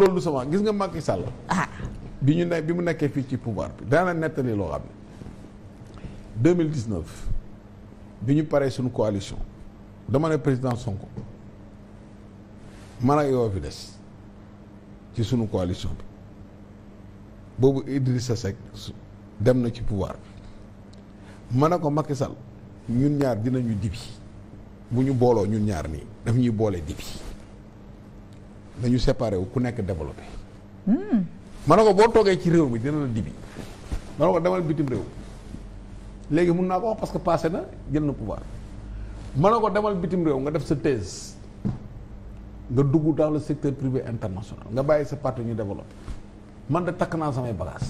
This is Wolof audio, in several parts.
loolu du sama gis nga Macky Sall. Ah. bi ñu ne bi mu nekkee fii ci pouvoir bi daana nettali loo xam ne mille dix neuf bi ñu paree suñu coalition dama ne président Sonko man ak yow fi des ci sunu coalition bi boobu Idrissa Seck dem na ci pouvoir bi ma ne ko Macky Sall ñun ñaar dinañu dibi bu ñu booloo ñun ñaar nii daf ñuy boole dibi. dañu séparé wu ku nekk développé. ma ne ko boo toogee ci réew mi dina la dibi. ma ne ko demal bitim réew. léegi mun naa ko wax parce que passé na jën na pouvoir. ma ne ko demal bitim réew nga def sa thèse. nga dugg dans le secteur privé international nga bàyyi sa parti ñu développé. man de takk naa samay bagages.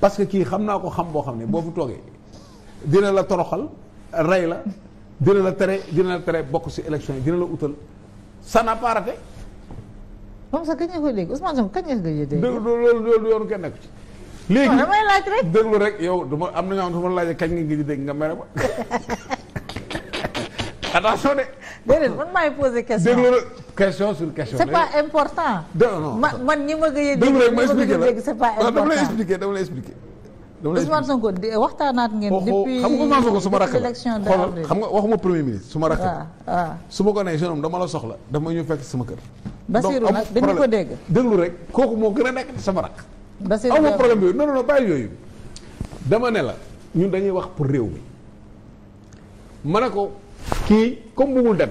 parce que kii xam naa ko xam boo xam ne boo fi toogee. dina la toroxal ray la. dina la tere dina la tere bokk ci élection yi dina la utal ça n'a moom sax kañ la koy dégg Ousmane Sonko kañ la koy dégg. déglu loolu loolu yoonu kenn nekku ci. léegi waaw damay laaj rek. déglu rek yow du ma am na ñoo xam ne su ma laajee kañ nga ngi dégg nga mere ma. attention de. déedéet man maay poser question déglu rek question sur question. c'est pas important. non non man man ñi ma gëj a. déglu rek ma expliqué la c'est pas important dama lay expliqué dama lay expliqué. dama lay expliqué Ousmane Sonko waxtaanaat ngeen. depuis xam nga Ousmane Sonko su ma rakk la xoolal xam nga waxuma premier ministre su ma rakk la. waaw ah, ah. waaw su ma ko nee jeune homme dama la soxla dama ñu fekk sama kër. Bassirou nag dañu ko dégg déglu rek kooku moo gën a nekk sama rak Bassirou amoo problème yooyu non non non bàyyi yooyu dama ne la ñun dañuy wax pour réew mi ma ne ko kii comme bugul dem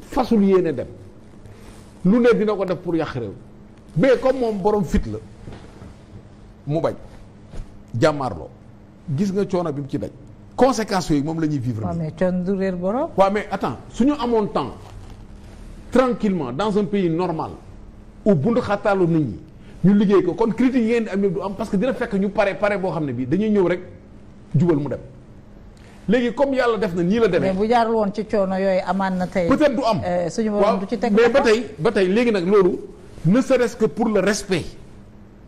fasul yéene dem lu ne dina ko def pour yàq réew mais comme moom borom fit la mu bañ jàmmaarloo gis nga coono bi mu ci daj conséquences yi moom la ñuy vivre. waaw mais coono du réer borom. waaw mais attends su ñu amoon temps. tranquillement dans un pays normal où bundu xattaalu nit ñi ñu liggéey ko kon critique yi ngeen di am yëpp du am parce que dina fekk ñu pare pare boo xam ne bii dañuy ñëw rek jubal mu dem léegi comme yàlla def na nii la demee. mais bu jaarul woon ci coono yooyu amaan na tey. peut-être du am euh, suñu borom du ci teg mais ba tey tey léegi nag loolu ne serait-ce pour le respect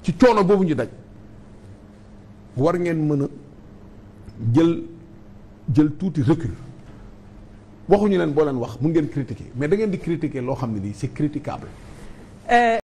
ci coono boobu ñu daj war ngeen mën a jël jël tuuti recul. waxuñu leen boo leen wax mun ngeen critiquer mais da di critiquer loo xam ne nii si critiquable euh,